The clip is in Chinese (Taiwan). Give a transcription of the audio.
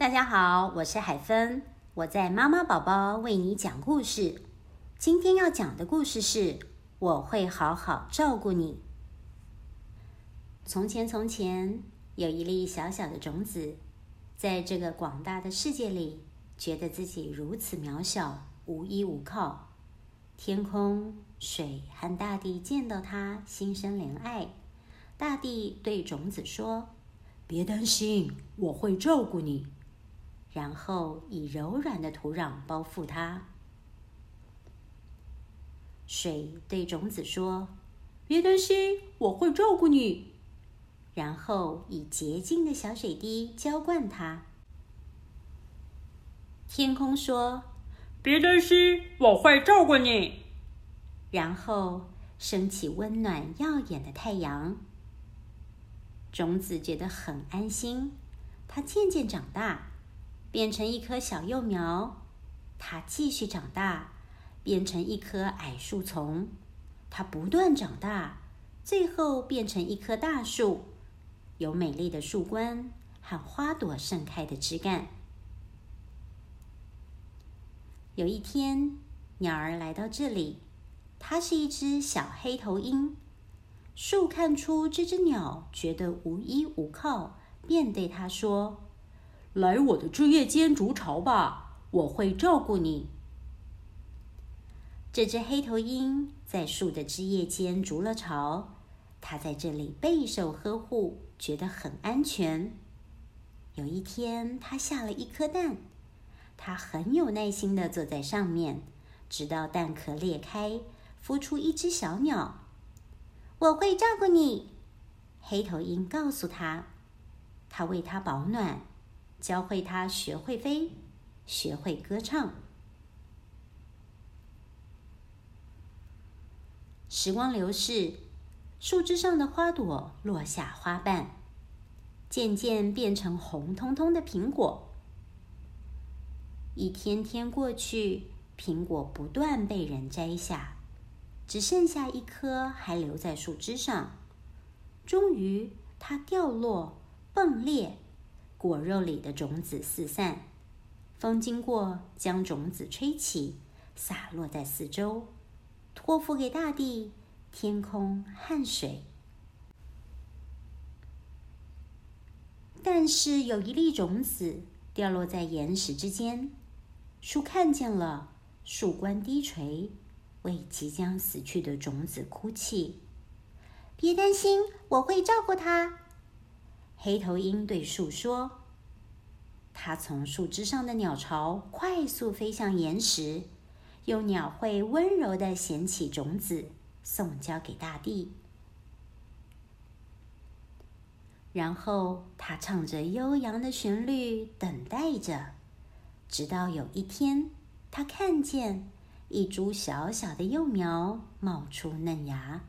大家好，我是海芬，我在媽媽寶寶為你講故事。今天要講的故事是：我會好好照顧你。從前，從前有一粒小小的種子，在這個廣大的世界裡，覺得自己如此渺小，無依無靠。天空、水和大地見到它，心生憐愛。大地對種子說：“別擔心，我會照顧你。”然後以柔軟的土壤包覆它。水對種子說：“別擔心，我會照顧你。”然後以潔淨的小水滴澆灌它。天空說：“別擔心，我會照顧你。”然後升起溫暖耀眼的太陽。種子覺得很安心，它漸漸長大。變成一棵小幼苗，它繼續長大，變成一棵矮樹叢，它不斷長大，最後變成一棵大樹，有美麗的樹冠和花朵盛開的枝幹。有一天，鳥兒來到這裡，它是一隻小黑頭鶯。樹看出這隻鳥覺得無依無靠，便對它說。來我的枝葉間築巢吧，我會照顧你。這只黑頭鶯在樹的枝葉間築了巢，它在這裡備受呵護，覺得很安全。有一天，它下了一顆蛋，它很有耐心地坐在上面，直到蛋殼裂開，孵出一隻小鳥。我會照顧你，黑頭鶯告訴它，它為它保暖。教會它學會飛，學會歌唱。時光流逝，樹枝上的花朵落下花瓣，漸漸變成紅彤彤的蘋果。一天天過去，蘋果不斷被人摘下，只剩下一顆還留在樹枝上。終於，它掉落，迸裂。果肉裡的種子四散，風經過，將種子吹起，灑落在四周，托付給大地、天空和水。但是有一粒種子掉落在岩石之間，樹看見了，樹冠低垂，為即將死去的種子哭泣。別擔心，我會照顧它。黑頭鶯對樹說：“它從樹枝上的鳥巢快速飛向岩石，用鳥喙溫柔地銜起種子，送交給大地。然後，它唱着悠揚的旋律，等待着。直到有一天，它看見一株小小的幼苗冒出嫩芽。”